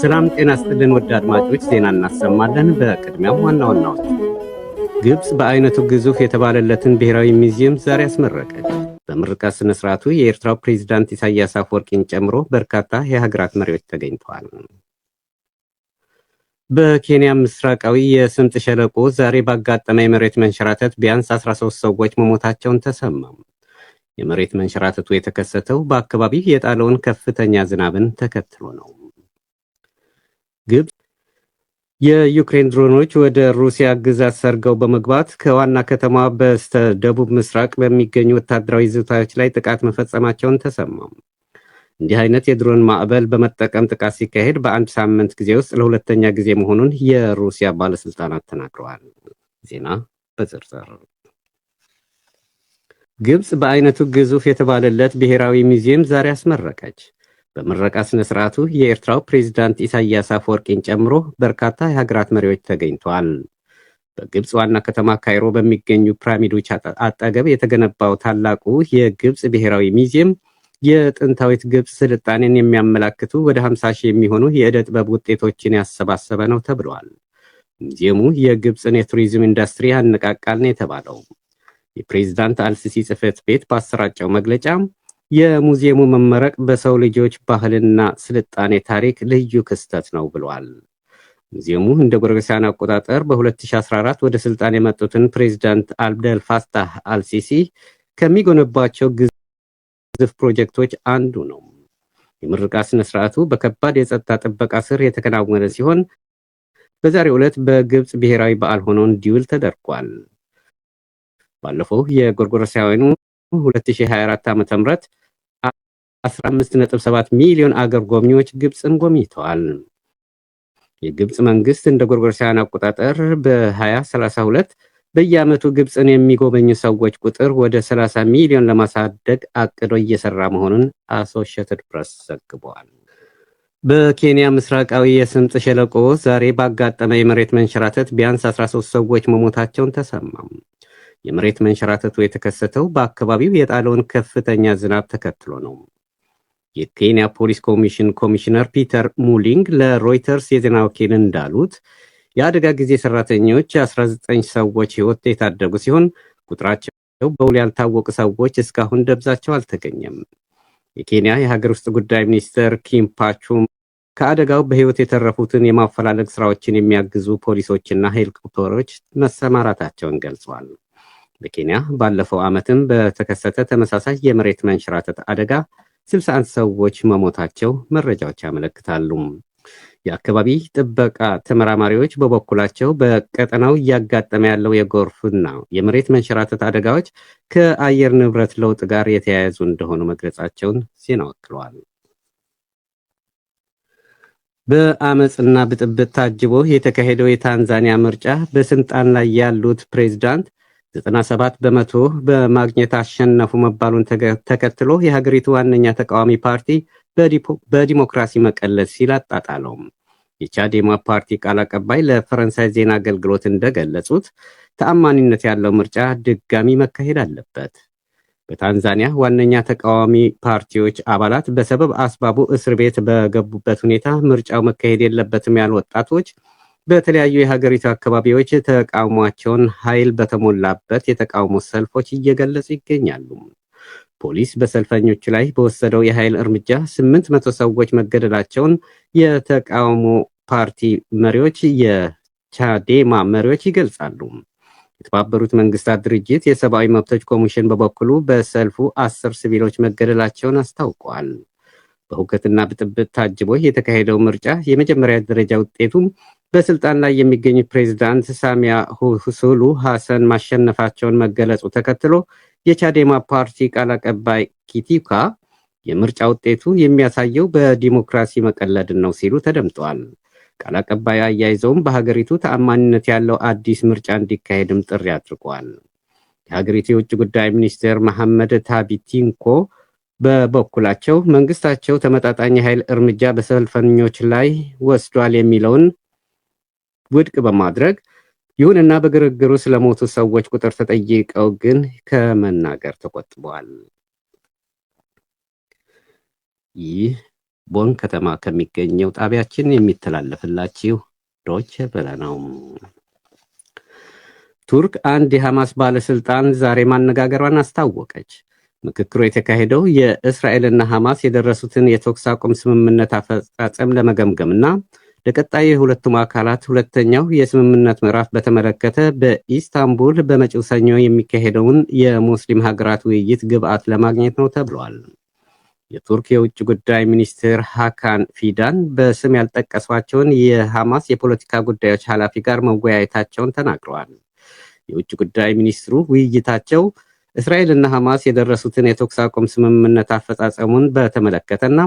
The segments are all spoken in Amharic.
ሰላም ጤና ስጥልን ወደ አድማጮች፣ ዜና እናሰማለን። በቅድሚያም ዋና ዋናዎች። ግብፅ በአይነቱ ግዙፍ የተባለለትን ብሔራዊ ሙዚየም ዛሬ አስመረቀች። በምርቃ ስነ ስርዓቱ የኤርትራው ፕሬዚዳንት ኢሳያስ አፈወርቂን ጨምሮ በርካታ የሀገራት መሪዎች ተገኝተዋል። በኬንያ ምስራቃዊ የስምጥ ሸለቆ ዛሬ ባጋጠመ የመሬት መንሸራተት ቢያንስ 13 ሰዎች መሞታቸውን ተሰማም። የመሬት መንሸራተቱ የተከሰተው በአካባቢው የጣለውን ከፍተኛ ዝናብን ተከትሎ ነው። ግብጽ የዩክሬን ድሮኖች ወደ ሩሲያ ግዛት ሰርገው በመግባት ከዋና ከተማ በስተ ደቡብ ምስራቅ በሚገኙ ወታደራዊ ይዞታዎች ላይ ጥቃት መፈጸማቸውን ተሰማ። እንዲህ አይነት የድሮን ማዕበል በመጠቀም ጥቃት ሲካሄድ በአንድ ሳምንት ጊዜ ውስጥ ለሁለተኛ ጊዜ መሆኑን የሩሲያ ባለስልጣናት ተናግረዋል። ዜና በዝርዝር ግብጽ በአይነቱ ግዙፍ የተባለለት ብሔራዊ ሙዚየም ዛሬ አስመረቀች። በምረቃ ስነ ስርዓቱ የኤርትራው ፕሬዚዳንት ኢሳያስ አፈወርቂን ጨምሮ በርካታ የሀገራት መሪዎች ተገኝተዋል። በግብፅ ዋና ከተማ ካይሮ በሚገኙ ፕራሚዶች አጠገብ የተገነባው ታላቁ የግብፅ ብሔራዊ ሚዚየም የጥንታዊት ግብፅ ስልጣኔን የሚያመላክቱ ወደ 50 ሺህ የሚሆኑ የዕደ ጥበብ ውጤቶችን ያሰባሰበ ነው ተብሏል። ሙዚየሙ የግብፅን የቱሪዝም ኢንዱስትሪ ያነቃቃል ነው የተባለው። የፕሬዚዳንት አልሲሲ ጽህፈት ቤት ባሰራጨው መግለጫ የሙዚየሙ መመረቅ በሰው ልጆች ባህልና ስልጣኔ ታሪክ ልዩ ክስተት ነው ብሏል። ሙዚየሙ እንደ ጎረጎሳውያን አቆጣጠር በ2014 ወደ ስልጣን የመጡትን ፕሬዚዳንት አብደል ፋታህ አልሲሲ ከሚጎነባቸው ግዝፍ ፕሮጀክቶች አንዱ ነው። የምርቃ ስነ ስርዓቱ በከባድ የጸጥታ ጥበቃ ስር የተከናወነ ሲሆን በዛሬው ዕለት በግብፅ ብሔራዊ በዓል ሆኖ እንዲውል ተደርጓል። ባለፈው የጎርጎሮሳውያኑ 2024 ዓ.ም 15.7 ሚሊዮን አገር ጎብኚዎች ግብፅን ጎብኝተዋል። የግብፅ መንግስት እንደ ጎርጎሮሳውያን አቆጣጠር በ2032 በየዓመቱ ግብፅን የሚጎበኙ ሰዎች ቁጥር ወደ 30 ሚሊዮን ለማሳደግ አቅዶ እየሰራ መሆኑን አሶሺየትድ ፕሬስ ዘግቧል። በኬንያ ምስራቃዊ የስምጥ ሸለቆ ዛሬ ባጋጠመ የመሬት መንሸራተት ቢያንስ 13 ሰዎች መሞታቸውን ተሰማም። የመሬት መንሸራተቱ የተከሰተው በአካባቢው የጣለውን ከፍተኛ ዝናብ ተከትሎ ነው። የኬንያ ፖሊስ ኮሚሽን ኮሚሽነር ፒተር ሙሊንግ ለሮይተርስ የዜና ወኪል እንዳሉት የአደጋ ጊዜ ሰራተኞች 19 ሰዎች ሕይወት የታደጉ ሲሆን ቁጥራቸው በውል ያልታወቁ ሰዎች እስካሁን ደብዛቸው አልተገኘም። የኬንያ የሀገር ውስጥ ጉዳይ ሚኒስትር ኪም ፓቹም ከአደጋው በሕይወት የተረፉትን የማፈላለግ ስራዎችን የሚያግዙ ፖሊሶችና ሄሊኮፕተሮች መሰማራታቸውን ገልጸዋል። በኬንያ ባለፈው ዓመትም በተከሰተ ተመሳሳይ የመሬት መንሸራተት አደጋ 61 ሰዎች መሞታቸው መረጃዎች ያመለክታሉ። የአካባቢ ጥበቃ ተመራማሪዎች በበኩላቸው በቀጠናው እያጋጠመ ያለው የጎርፍና የመሬት መንሸራተት አደጋዎች ከአየር ንብረት ለውጥ ጋር የተያያዙ እንደሆኑ መግለጻቸውን ዜና ወክለዋል። በአመፅና ብጥብጥ ታጅቦ የተካሄደው የታንዛኒያ ምርጫ በስልጣን ላይ ያሉት ፕሬዚዳንት 97 በመቶ በማግኘት አሸነፉ መባሉን ተከትሎ የሀገሪቱ ዋነኛ ተቃዋሚ ፓርቲ በዲሞክራሲ መቀለስ ሲል አጣጣለውም። የቻዴማ ፓርቲ ቃል አቀባይ ለፈረንሳይ ዜና አገልግሎት እንደገለጹት ተአማኒነት ያለው ምርጫ ድጋሚ መካሄድ አለበት። በታንዛኒያ ዋነኛ ተቃዋሚ ፓርቲዎች አባላት በሰበብ አስባቡ እስር ቤት በገቡበት ሁኔታ ምርጫው መካሄድ የለበትም ያሉ ወጣቶች በተለያዩ የሀገሪቱ አካባቢዎች ተቃውሟቸውን ኃይል በተሞላበት የተቃውሞ ሰልፎች እየገለጹ ይገኛሉ። ፖሊስ በሰልፈኞቹ ላይ በወሰደው የኃይል እርምጃ ስምንት መቶ ሰዎች መገደላቸውን የተቃውሞ ፓርቲ መሪዎች፣ የቻዴማ መሪዎች ይገልጻሉ። የተባበሩት መንግስታት ድርጅት የሰብአዊ መብቶች ኮሚሽን በበኩሉ በሰልፉ አስር ሲቪሎች መገደላቸውን አስታውቋል። በሁከትና ብጥብጥ ታጅቦ የተካሄደው ምርጫ የመጀመሪያ ደረጃ ውጤቱም በስልጣን ላይ የሚገኙት ፕሬዚዳንት ሳሚያ ሁሱሉ ሐሰን ማሸነፋቸውን መገለጹ ተከትሎ የቻዴማ ፓርቲ ቃል አቀባይ ኪቲካ የምርጫ ውጤቱ የሚያሳየው በዲሞክራሲ መቀለድን ነው ሲሉ ተደምጠዋል። ቃል አቀባይ አያይዘውም በሀገሪቱ ተአማኒነት ያለው አዲስ ምርጫ እንዲካሄድም ጥሪ አድርጓል። የሀገሪቱ የውጭ ጉዳይ ሚኒስቴር መሐመድ ታቢቲንኮ በበኩላቸው መንግስታቸው ተመጣጣኝ ኃይል እርምጃ በሰልፈኞች ላይ ወስዷል የሚለውን ውድቅ በማድረግ ይሁንና በግርግሩ ስለሞቱ ሰዎች ቁጥር ተጠይቀው ግን ከመናገር ተቆጥበዋል። ይህ ቦን ከተማ ከሚገኘው ጣቢያችን የሚተላለፍላችሁ ዶች በለ ነው። ቱርክ አንድ የሐማስ ባለስልጣን ዛሬ ማነጋገሯን አስታወቀች። ምክክሩ የተካሄደው የእስራኤልና ሐማስ የደረሱትን የተኩስ አቁም ስምምነት አፈጻጸም ለመገምገምና ለቀጣይ የሁለቱም አካላት ሁለተኛው የስምምነት ምዕራፍ በተመለከተ በኢስታንቡል በመጪው ሰኞ የሚካሄደውን የሙስሊም ሀገራት ውይይት ግብዓት ለማግኘት ነው ተብሏል። የቱርክ የውጭ ጉዳይ ሚኒስትር ሃካን ፊዳን በስም ያልጠቀሷቸውን የሐማስ የፖለቲካ ጉዳዮች ኃላፊ ጋር መወያየታቸውን ተናግረዋል። የውጭ ጉዳይ ሚኒስትሩ ውይይታቸው እስራኤልና ሐማስ የደረሱትን የተኩስ አቁም ስምምነት አፈጻጸሙን በተመለከተና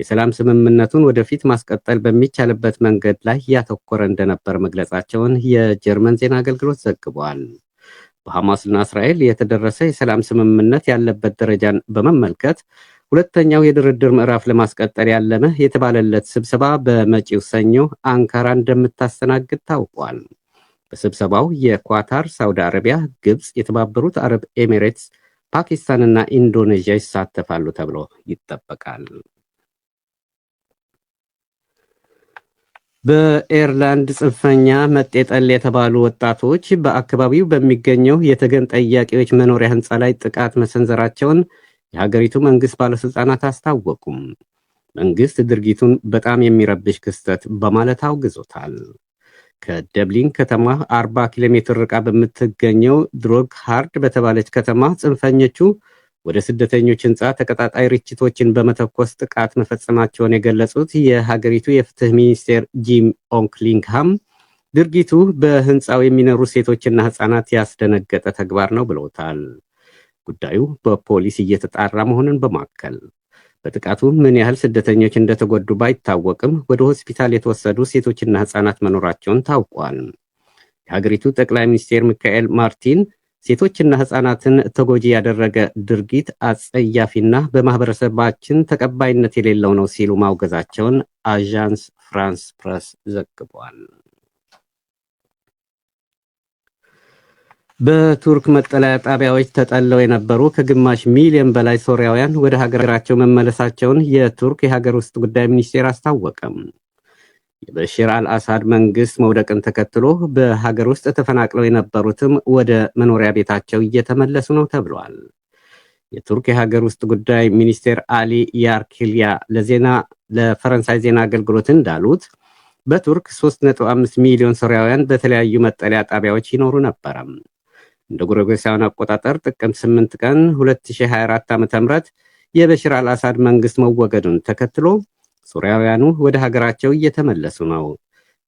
የሰላም ስምምነቱን ወደፊት ማስቀጠል በሚቻልበት መንገድ ላይ ያተኮረ እንደነበር መግለጻቸውን የጀርመን ዜና አገልግሎት ዘግቧል። በሐማስና እስራኤል የተደረሰ የሰላም ስምምነት ያለበት ደረጃን በመመልከት ሁለተኛው የድርድር ምዕራፍ ለማስቀጠል ያለመ የተባለለት ስብሰባ በመጪው ሰኞ አንካራ እንደምታስተናግድ ታውቋል። በስብሰባው የኳታር፣ ሳውዲ አረቢያ፣ ግብፅ፣ የተባበሩት አረብ ኤሚሬትስ፣ ፓኪስታንና ኢንዶኔዥያ ይሳተፋሉ ተብሎ ይጠበቃል። በኤርላንድ ጽንፈኛ መጤጠል የተባሉ ወጣቶች በአካባቢው በሚገኘው የተገን ጠያቂዎች መኖሪያ ህንፃ ላይ ጥቃት መሰንዘራቸውን የሀገሪቱ መንግስት ባለስልጣናት አስታወቁም። መንግስት ድርጊቱን በጣም የሚረብሽ ክስተት በማለት አውግዞታል። ከደብሊን ከተማ 40 ኪሎ ሜትር ርቃ በምትገኘው ድሮግ ሃርድ በተባለች ከተማ ጽንፈኞቹ ወደ ስደተኞች ህንፃ ተቀጣጣይ ርችቶችን በመተኮስ ጥቃት መፈጸማቸውን የገለጹት የሀገሪቱ የፍትህ ሚኒስቴር ጂም ኦንክሊንግሃም ድርጊቱ በህንፃው የሚኖሩ ሴቶችና ህፃናት ያስደነገጠ ተግባር ነው ብለውታል። ጉዳዩ በፖሊስ እየተጣራ መሆኑን በማከል በጥቃቱ ምን ያህል ስደተኞች እንደተጎዱ ባይታወቅም ወደ ሆስፒታል የተወሰዱ ሴቶችና ህፃናት መኖራቸውን ታውቋል። የሀገሪቱ ጠቅላይ ሚኒስቴር ሚካኤል ማርቲን ሴቶችና ህጻናትን ተጎጂ ያደረገ ድርጊት አጸያፊና በማህበረሰባችን ተቀባይነት የሌለው ነው ሲሉ ማውገዛቸውን አዣንስ ፍራንስ ፕረስ ዘግቧል። በቱርክ መጠለያ ጣቢያዎች ተጠለው የነበሩ ከግማሽ ሚሊዮን በላይ ሶሪያውያን ወደ ሀገራቸው መመለሳቸውን የቱርክ የሀገር ውስጥ ጉዳይ ሚኒስቴር አስታወቀም። የበሽር አልአሳድ መንግስት መውደቅን ተከትሎ በሀገር ውስጥ ተፈናቅለው የነበሩትም ወደ መኖሪያ ቤታቸው እየተመለሱ ነው ተብሏል። የቱርክ የሀገር ውስጥ ጉዳይ ሚኒስቴር አሊ ያርኪልያ ለዜና ለፈረንሳይ ዜና አገልግሎት እንዳሉት በቱርክ 3.5 ሚሊዮን ሶሪያውያን በተለያዩ መጠለያ ጣቢያዎች ይኖሩ ነበረ። እንደ ጎረጎሳውያን አቆጣጠር ጥቅምት 8 ቀን 2024 ዓ.ም የበሽር አልአሳድ መንግስት መወገዱን ተከትሎ ሶሪያውያኑ ወደ ሀገራቸው እየተመለሱ ነው።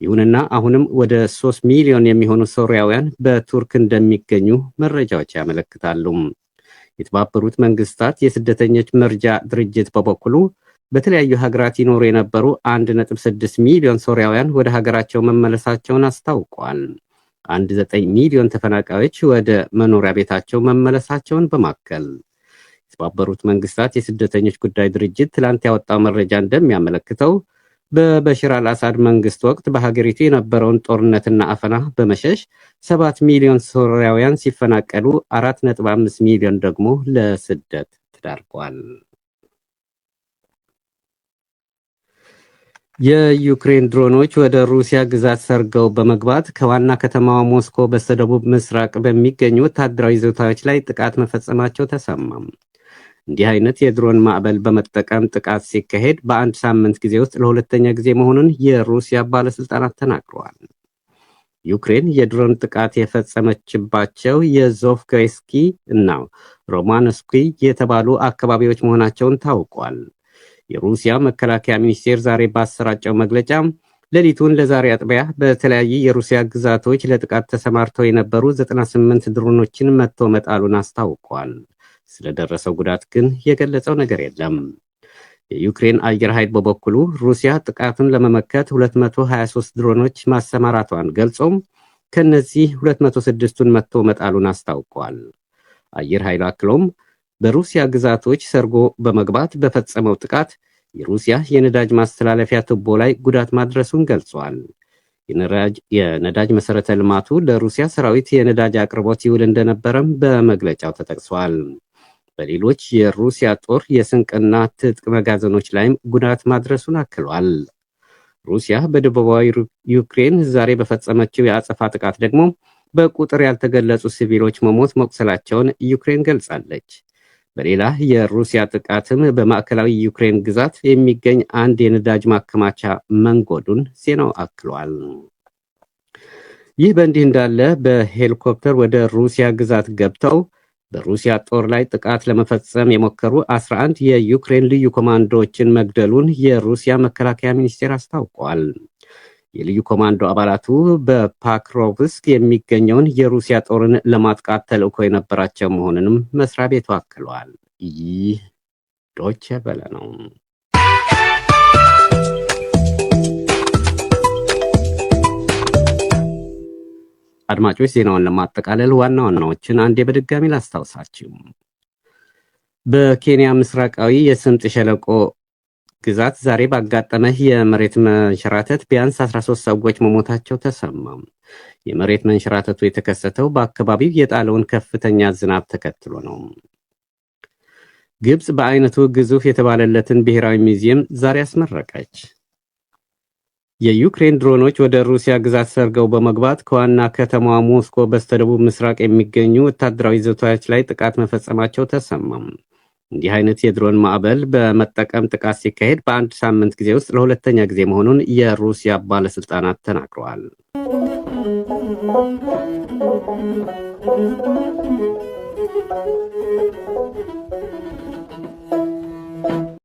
ይሁንና አሁንም ወደ ሶስት ሚሊዮን የሚሆኑ ሶሪያውያን በቱርክ እንደሚገኙ መረጃዎች ያመለክታሉ። የተባበሩት መንግስታት የስደተኞች መርጃ ድርጅት በበኩሉ በተለያዩ ሀገራት ይኖሩ የነበሩ 1.6 ሚሊዮን ሶሪያውያን ወደ ሀገራቸው መመለሳቸውን አስታውቋል። 1.9 ሚሊዮን ተፈናቃዮች ወደ መኖሪያ ቤታቸው መመለሳቸውን በማከል የተባበሩት መንግስታት የስደተኞች ጉዳይ ድርጅት ትላንት ያወጣው መረጃ እንደሚያመለክተው በበሽር አልአሳድ መንግስት ወቅት በሀገሪቱ የነበረውን ጦርነትና አፈና በመሸሽ ሰባት ሚሊዮን ሶሪያውያን ሲፈናቀሉ አራት ነጥብ አምስት ሚሊዮን ደግሞ ለስደት ተዳርጓል። የዩክሬን ድሮኖች ወደ ሩሲያ ግዛት ሰርገው በመግባት ከዋና ከተማዋ ሞስኮ በስተደቡብ ምስራቅ በሚገኙ ወታደራዊ ይዞታዎች ላይ ጥቃት መፈጸማቸው ተሰማም። እንዲህ አይነት የድሮን ማዕበል በመጠቀም ጥቃት ሲካሄድ በአንድ ሳምንት ጊዜ ውስጥ ለሁለተኛ ጊዜ መሆኑን የሩሲያ ባለስልጣናት ተናግረዋል። ዩክሬን የድሮን ጥቃት የፈጸመችባቸው የዞፍግሬስኪ እና ሮማንስኪ የተባሉ አካባቢዎች መሆናቸውን ታውቋል። የሩሲያ መከላከያ ሚኒስቴር ዛሬ ባሰራጨው መግለጫ ሌሊቱን ለዛሬ አጥቢያ በተለያዩ የሩሲያ ግዛቶች ለጥቃት ተሰማርተው የነበሩ 98 ድሮኖችን መጥቶ መጣሉን አስታውቋል። ስለደረሰው ጉዳት ግን የገለጸው ነገር የለም። የዩክሬን አየር ኃይል በበኩሉ ሩሲያ ጥቃቱን ለመመከት 223 ድሮኖች ማሰማራቷን ገልጾም ከነዚህ 206ቱን መጥቶ መጣሉን አስታውቋል። አየር ኃይሉ አክሎም በሩሲያ ግዛቶች ሰርጎ በመግባት በፈጸመው ጥቃት የሩሲያ የነዳጅ ማስተላለፊያ ቱቦ ላይ ጉዳት ማድረሱን ገልጿል። የነዳጅ መሰረተ ልማቱ ለሩሲያ ሰራዊት የነዳጅ አቅርቦት ይውል እንደነበረም በመግለጫው ተጠቅሷል። በሌሎች የሩሲያ ጦር የስንቅና ትጥቅ መጋዘኖች ላይም ጉዳት ማድረሱን አክሏል። ሩሲያ በደቡባዊ ዩክሬን ዛሬ በፈጸመችው የአጸፋ ጥቃት ደግሞ በቁጥር ያልተገለጹ ሲቪሎች መሞት መቁሰላቸውን ዩክሬን ገልጻለች። በሌላ የሩሲያ ጥቃትም በማዕከላዊ ዩክሬን ግዛት የሚገኝ አንድ የነዳጅ ማከማቻ መንጎዱን ዜናው አክሏል። ይህ በእንዲህ እንዳለ በሄሊኮፕተር ወደ ሩሲያ ግዛት ገብተው በሩሲያ ጦር ላይ ጥቃት ለመፈጸም የሞከሩ 11 የዩክሬን ልዩ ኮማንዶዎችን መግደሉን የሩሲያ መከላከያ ሚኒስቴር አስታውቋል። የልዩ ኮማንዶ አባላቱ በፓክሮቭስክ የሚገኘውን የሩሲያ ጦርን ለማጥቃት ተልእኮ የነበራቸው መሆኑንም መስሪያ ቤቱ አክሏል። ይህ ዶቼ ቬለ ነው። አድማጮች ዜናውን ለማጠቃለል ዋና ዋናዎችን አንዴ በድጋሚ ላስታውሳችሁ። በኬንያ ምስራቃዊ የስምጥ ሸለቆ ግዛት ዛሬ ባጋጠመህ የመሬት መንሸራተት ቢያንስ 13 ሰዎች መሞታቸው ተሰማ። የመሬት መንሸራተቱ የተከሰተው በአካባቢው የጣለውን ከፍተኛ ዝናብ ተከትሎ ነው። ግብፅ በአይነቱ ግዙፍ የተባለለትን ብሔራዊ ሙዚየም ዛሬ አስመረቀች። የዩክሬን ድሮኖች ወደ ሩሲያ ግዛት ሰርገው በመግባት ከዋና ከተማዋ ሞስኮ በስተደቡብ ምስራቅ የሚገኙ ወታደራዊ ይዞታዎች ላይ ጥቃት መፈጸማቸው ተሰማም። እንዲህ አይነት የድሮን ማዕበል በመጠቀም ጥቃት ሲካሄድ በአንድ ሳምንት ጊዜ ውስጥ ለሁለተኛ ጊዜ መሆኑን የሩሲያ ባለስልጣናት ተናግረዋል።